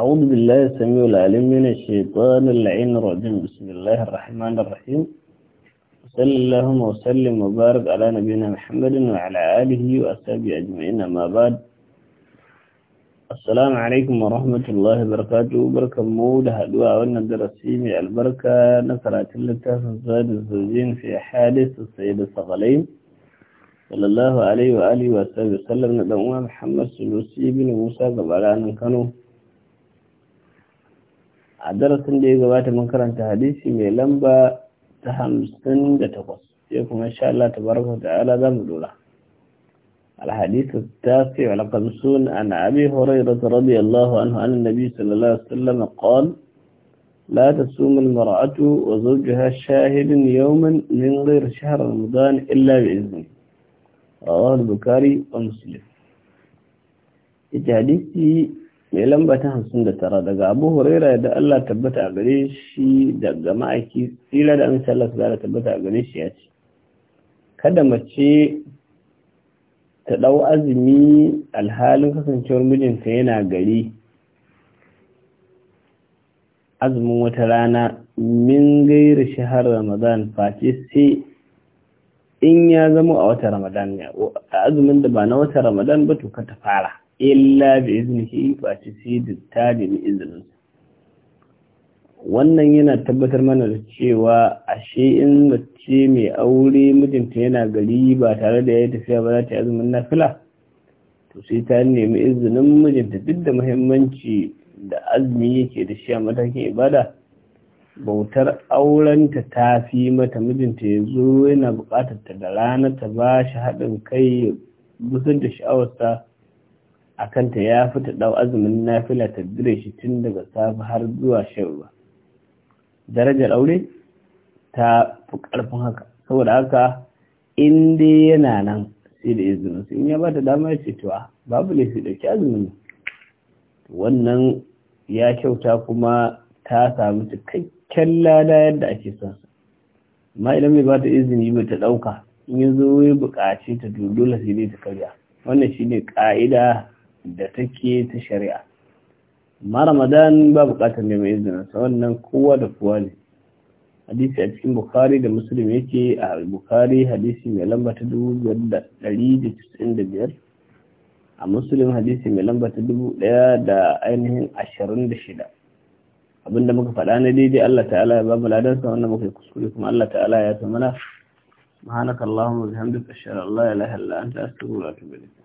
أعوذ بالله السميع العليم من الشيطان اللعين الرجيم بسم الله الرحمن الرحيم صلى اللهم وسلم وبارك على نبينا محمد وعلى آله وأصحابه أجمعين أما بعد السلام عليكم ورحمة الله وبركاته بركة مولى هدوء الرسيم البركة نصرة الله تعالى الزوجين في حادث السيد الصغلين صلى الله عليه وآله وسلم ندعوها محمد سلوسي بن موسى قبل أن كانوا a darasin da ya gabata mun karanta hadisi mai lamba ta hamsin da takwas sai kuma insha Allah tabaraka ta'ala za mu dora الحديث التاسع والخمسون عن أبي هريرة رضي الله عنه عن النبي صلى الله عليه وسلم قال لا تسوم المرأة وزوجها شاهد يوما من غير شهر رمضان إلا بإذنه رواه البخاري ومسلم الحديث mai lamba ta hamsin da tara daga abu huraira da Allah tabbata a gare shi daga ma'aiki tsira da an Allah su zara tabbata a gare shi ya ce kada mace ta ɗau azumi alhalin kasancewar mijinta yana gari azumin wata rana min gaira shahar ramadan face sai in ya zama a wata ramadan ne azumin da ba na wata ramadan ba to ka ta fara illa bi iznihi fa ci sai da ta nemi izininsa wannan yana tabbatar mana da cewa ashe in mace mai aure mijinta yana gari ba tare da ya tafiya ba za ta yi azumin nafila to sai ta nemi izinin mijinta duk da muhimmanci da azumi yake da shi a matakin ibada bautar aurenta ta fi mata mijinta ya zo yana bukatar ta da rana ta ba shi haɗin kai ya busar da sha'awarsa a kanta ya fi ta ɗau azumin nafila ta dire shi tun daga safe har zuwa shan darajar aure ta fi ƙarfin haka saboda haka in dai yana nan sai da izinin su in ya ba ta damar cewa ah, babu ne su ɗauki azumin wannan ya kyauta kuma ta samu cikakken lada yadda ake son sa amma idan bai ba izini ba ta ɗauka in ya zo ya buƙaci ta dole sai dai ta karya wannan shine ƙa'ida da take ta shari'a ma ramadan ba bukatar neman izina, sa wannan kowa da kowa ne hadisi a cikin bukhari da musulmi yake a bukhari hadisi mai lamba ta dubu biyar da ɗari da da biyar a musulmi hadisi mai lamba ta dubu ɗaya da ainihin ashirin da shida abinda muka faɗa na daidai Allah ta'ala ya babu ladansa wannan muka yi kuskure kuma Allah ta'ala ya ta mana subhanakallahumma wa bihamdika ashhadu an la ilaha illa anta astaghfiruka wa atubu ilayk